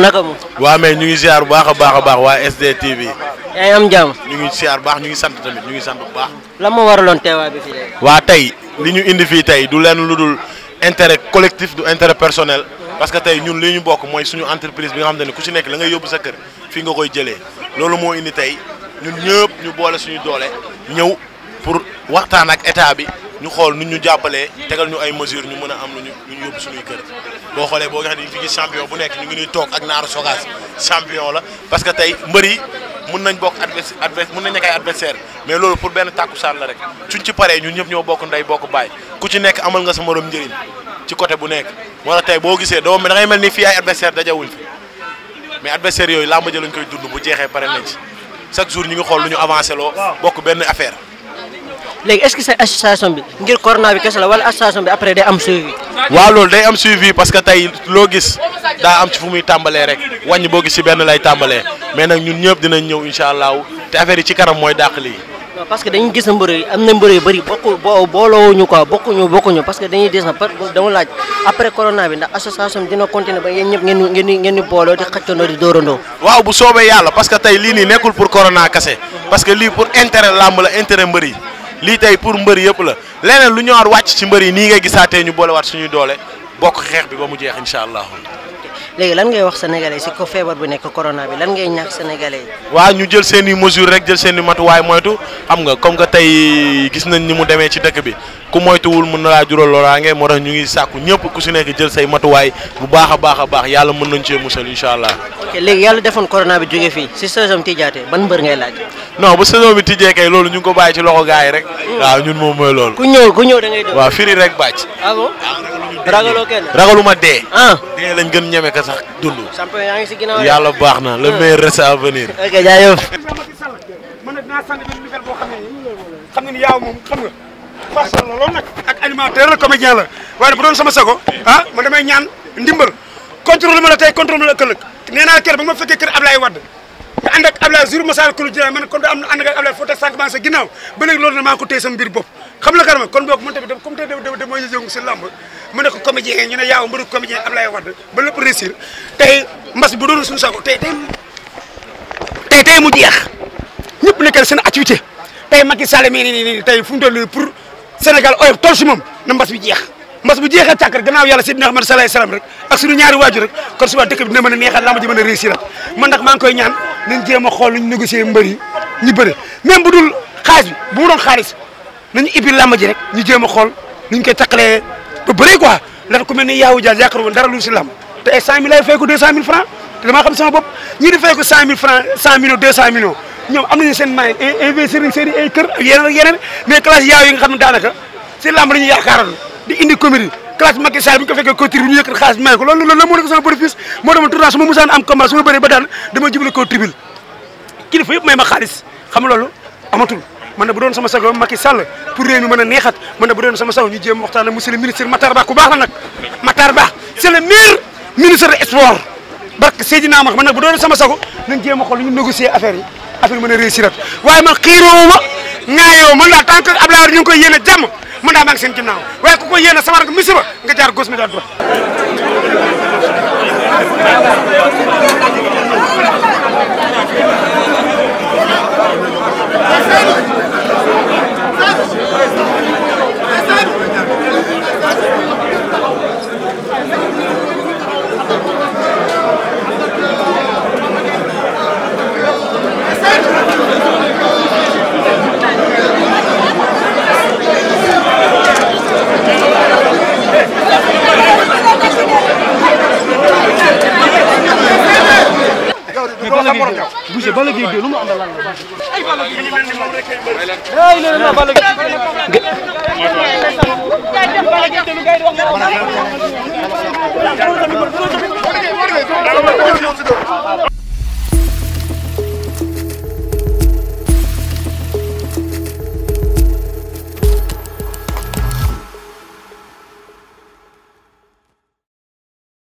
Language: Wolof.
naka mu. waaw ñu ngi ziar bu baax a baax a baax waa SDTV. yaa ngi ñu ngi ziar baax ñu ngi sant tamit ñu ngi sant bu baax. lan moo waraloon teewaay waa tey li ñu indi fii tey du leen lu dul intérêt collectif du intérêt personnel. parce que tey ñun li ñu bokk mooy suñu entreprise bi nga xam te ne ku si nekk la ngay yóbbu sa kër fii nga koy jëlee loolu moo indi tey ñun ñëpp ñu boole suñu doole ñëw pour waxtaan ak état bi. ñu xool nu ñu jàppalee tegal ñu ay mesures ñu mën a am lu ñu lu ñu yóbbu suñuy kër boo xoolee boo nga xam ne fi gis nekk ñu ngi ñuy toog ak naaru sogaas champion la parce que tey mbër yi mën nañ bokk adverse adverse mën nañ nekk ay adversaire mais loolu pour benn tàkkusaan la rek suñ ci paree ñëpp ñoo bokk ndey bokk baay ku ci nekk amal nga sa morom njëriñ ci côté bu nekk moo tax boo gisee doom da ngay mel ni fii ay adversaire dajawuñ fi mais adversaire yooyu laa ja lañ koy dund bu jeexee pare nañ ci chaque jour ñu ngi xool lu ñu avancé loo bokk benn affaire léegi est-ce que sa association bi ngir corona bi kese la wala association bi après day am suivi. waaw loolu day am suivi parce que tey loo gis daa am ci fu muy tàmbalee rek wàññi boo gis si benn lay tàmbalee mais nag ñun ñëpp dinañ ñëw incha allah te affaire yi ci kanam mooy dàq lii. non parce que dañuy gis na mbër yi am na mbër yu bëri bokku bo booloowuñu quoi bokkuñu bokkuñu parce que dañuy gis na par dama laaj après corona bi ndax association bi dina continuer lii nii nekkul pour corona kese parce que lii pour intérêt làmb lii tey pour mbër yëpp la leneen lu ñëwaat wàcc ci mbër yi nii ngay gisaatee ñu boolewaat suñuy doole bokk xeex bi ba mu jeex incha allah. léegi lan ngay wax sénégalais si ko feebar bu nekk corona bi lan ngay ñaax sénégalais yi. waa ñu jël seen i mesure rek jël seen i matuwaay moytu xam nga comme que tey gis nañ ni mu demee ci dëkk bi ku moytuwul mën na laa jural loraange moo tax ñu ngi sàkku ñëpp ku si nekk jël say matuwaay bu baax a baax a baax yàlla mën nañ cee musal incha allah. ok léegi yàlla defoon corona bi jógee fii si saison bi tijjaatee ban mbër ngay laaj. non bu saison bi tijjee kay loolu ñu ngi ko bàyyi ci loxo gars yi rek. Hmm. waaw ñun moom mooy loolu. ku ñëw ku ñëw da ngay def. waaw firi rek bàcc. ah bon ragaloo kenn ragaluma dee. ah dee lañ gën ñeme ka sax dund. yaa ngi si ginnaaw yàlla baax na la ah. meilleur reste à venir. ok jaajëf. xam macha allah loolu nag ak animateur la comédien la waaye bu doon sama sago ah ma damay ñaan ndimbal contrôle la tey contrôle la ëllëg nee kër ba ma fekkee kër Ablaye Wade nga ànd ak Ablaye jour masal kulu da am na ànd ak Ablaye foo sa ginnaaw ba léegi loolu na maa ko téye la karama kon boog man mu ne ko comédien ñu ne ba lépp réussir tey mbas bu doon suñu sago tey tey tey tey mu jeex ñëpp nekkal seen activité tey Macky Sall mii nii nii tey fu mu Sénégal oyof tool si moom na mbas bi jeex mbas bu jeexee tàkk rek gannaaw yàlla Seydina Ahmad salaay salaam rek ak suñu ñaari waajur rek kon suba dëkk bi dina mën a neexal làmb ji mën a réussir man nag maa koy ñaan nañ jéem a xool luñ négocier mbër yi ñu bëre même bu bi bu mu doon xaalis nañu ibbi làmb rek ñu jéem a xool nuñ koy taqalee ba bëree quoi ndax ku mel ni yaawu jaan yaakaar woon dara lu si làmb te ay 100000 lay fay ko 200000 francs te francs yang am nañu seen may investir seen ay kër ak yeneen ak yeneen mais classe yaaw yi nga xam ne daanaka lamb la ñu di indi comédie classe Macky Sall bi ñu ko fekkee couture bi ñu yëkkat xaalis may ko loolu loolu moo nekk sama bénéfice moo dama tournage su musaan am combat su ma bëree ba daan dama jubale ko tribune kilifa yëpp may ma xaalis xam loolu amatul man bu doon sama sago Macky Sall pour réew mi mën a neexat man bu doon sama sago ñu jéem waxtaan ak monsieur le ministre Matar Ba ku baax la nag Matar Ba c'est le meilleur ministre des sports barke Seydina Max man bu doon sama sago nañ jéem a xool ñu négocier affaire yi affaire mën a réussir at waaye man xiiroowu ma ŋaayoo man daal tant que Abdoulaye Wade ñu ngi koy yéene jàmm man daal maa ngi seen waaye ku koy yéene samara nga misiba nga jaar gos mi daal Balla Gaye 2 Boucher Balla Gaye 2 lu mu àndal lan la. ay Balla Gaye 2 ay nee na Balla Gaye 2.